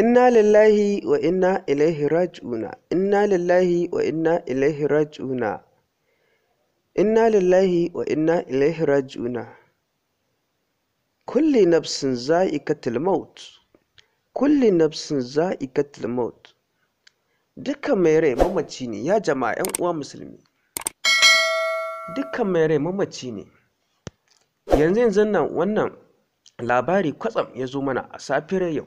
inna lillahi wa inna ilaihi raji'una inna lillahi wa inna ilaihi raji'una inna lillahi wa inna ilaihi raji'una kulli nafsin za'iqatul maut kulli nafsin za'iqatul maut duka mai rai mamaci ne ya jama'a yan uwa musulmi duka mai rai mamaci ne yanzu yanzu nan wannan labari kwatsam ya zo mana a safiyar yau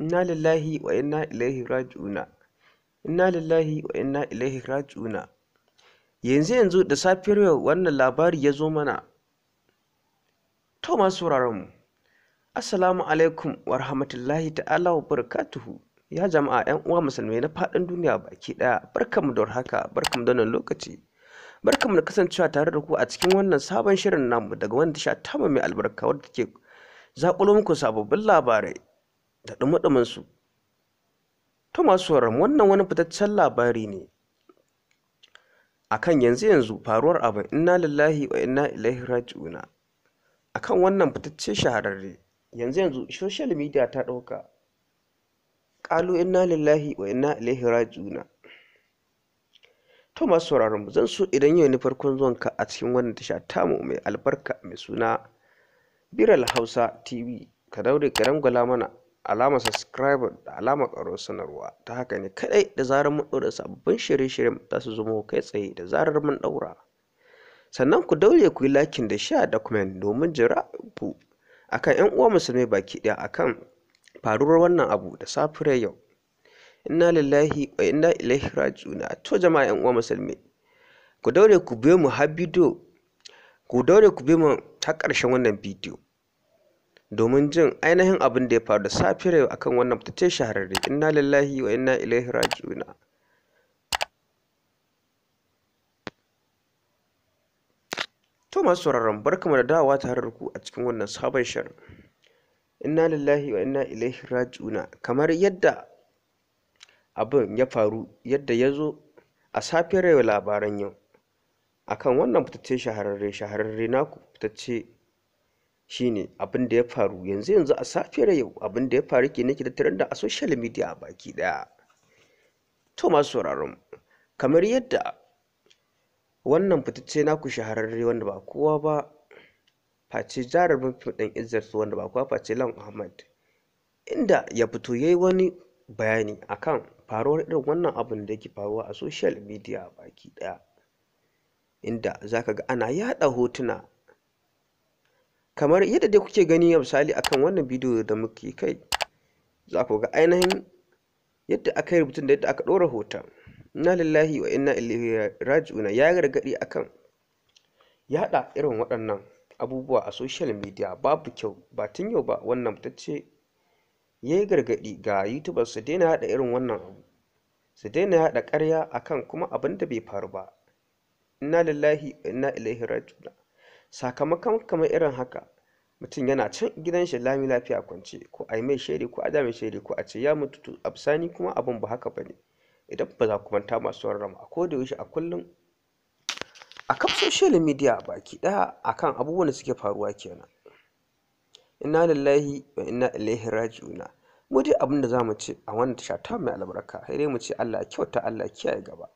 inna lillahi wa inna ilaihi raji'una inna lillahi wa inna ilaihi raji'una yanzu yanzu da safiyar yau wannan labari ya zo mana to masu sauraron mu assalamu alaikum wa rahmatullahi ta'ala wa barakatuhu ya jama'a yan uwa musulmai na faɗin duniya baki ɗaya barkamu da warhaka barkamu da wannan lokaci barkamu da kasancewa tare da ku a cikin wannan sabon shirin namu daga wanda sha tama mai albarka wadda take zakulo muku sababbin labarai da ɗumi su to masu wannan wani fitaccen labari ne akan yanzu yanzu faruwar abin inna lillahi wa inna ilaihi raji'una akan wannan fitacce shahararre yanzu yanzu social media ta ɗauka ƙalu inna lillahi wa inna ilaihi raji'una to masu sauraron mu zan so idan yau ni farkon zuwan ka a cikin wannan tasha tamu mai albarka mai suna biral hausa tv ka daure ka dangwala mana alamar subscribe da alamar karo sanarwa ta haka ne kadai da zarar mun daura sabbin shirye-shiryen za su zama kai tsaye da zarar mun ɗaura sannan ku daure ku yi lakin da sha da comment domin jira ku akan yan uwa musulmai baki ɗaya akan faruwar wannan abu da safiyar yau inna lillahi wa inna ilaihi raji'un to jama'a yan uwa musulmai ku daure ku biyo mu har ku daure ku biyo mu har ƙarshen wannan bidiyo domin jin ainihin abin da ya faru da safiyar yau akan wannan fitaccen shahararre inna lillahi wa inna ilaihi raji'un to masu sauraron barkamu da dawowa tare da ku a cikin wannan sabon shirin inna lillahi wa inna ilaihi raji'un kamar yadda abin ya faru yadda ya zo a safiyar yau labaran yau akan wannan fitace shahararre shahararre naku fitacce shine abin da ya faru yanzu yanzu a safiyar yau abin da ya faru ke nake da trending a social media baki ɗaya. to masu sauraron kamar yadda wannan fitacce naku shahararre wanda ba kowa ba face jarumin fim ɗin su wanda ba kowa face lan ahmad inda ya fito ya yi wani bayani akan faruwar irin wannan abin da yake faruwa a social media baki ɗaya. inda zaka ga ana yada hotuna kamar yadda dai kuke gani a misali akan wannan bidiyo da muke kai za ku ga ainihin yadda aka yi rubutun da yadda aka ɗora hoton inna lillahi wa inna ilaihi raji'una ya gargaɗi akan yaɗa irin waɗannan abubuwa a social media babu kyau ba tun yau ba wannan ce. ya yi gargaɗi ga youtubers su daina haɗa irin wannan abu su daina haɗa ƙarya akan kuma abin da bai faru ba inna lillahi wa inna ilaihi raji'una sakamakon kamar irin haka mutum yana can gidan shi lami lafiya kwance ko a yi mai shaidi ko a da mai shaidi ko a ce ya mutu to absani kuma abin ba haka bane idan ba za ku manta masu warrama a koda yaushe a kullum a kan social media baki daya akan abubuwan da suke faruwa kenan inna lillahi wa inna ilaihi raji'una mu dai abin da zamu ce a wannan tasha ta mai albarka sai dai mu ce Allah ya kyauta Allah ya kiyaye gaba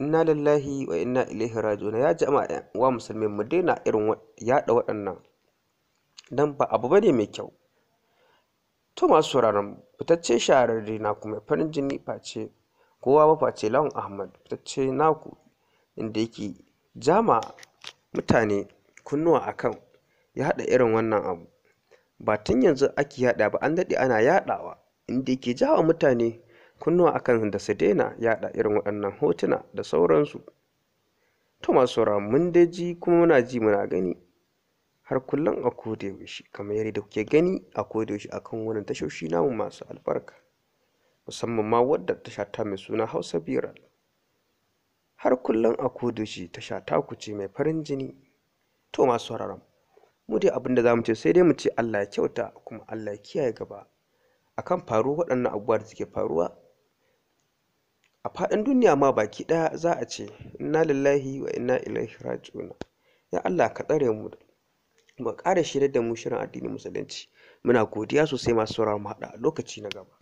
inna lillahi wa inna ilaihi raji'un ya jama'a wa musulmi mu daina irin yada waɗannan dan ba abu bane mai kyau to masu sauraron fitacce shahararre na kuma farin jini face kowa ba face lawan ahmad fitacce naku inda yake jama mutane kunnuwa akan ya haɗa irin wannan abu ba tun yanzu ake yaɗa ba an daɗe ana yaɗawa inda yake jawa mutane kunnuwa akan da su daina yaɗa irin waɗannan hotuna da sauransu to masu mun dai ji kuma muna ji muna gani har kullum a koda yaushe kamar yadda kuke gani a koda yaushe akan wannan tashoshi namu masu albarka musamman ma wadda ta shata mai suna Hausa Biral har kullum a koda yaushe tasha ku ce mai farin jini to masu sauraron mu dai abinda mu ce sai dai mu ce Allah ya kyauta kuma Allah ya kiyaye gaba akan faru waɗannan abubuwa da suke faruwa faɗin duniya ma baki ɗaya za a ce inna lillahi wa inna ilaihi raji'un ya Allah ka tsare mu ba ƙara shirye da mu shirin addinin musulunci muna godiya sosai masu sauraron mu haɗa lokaci na gaba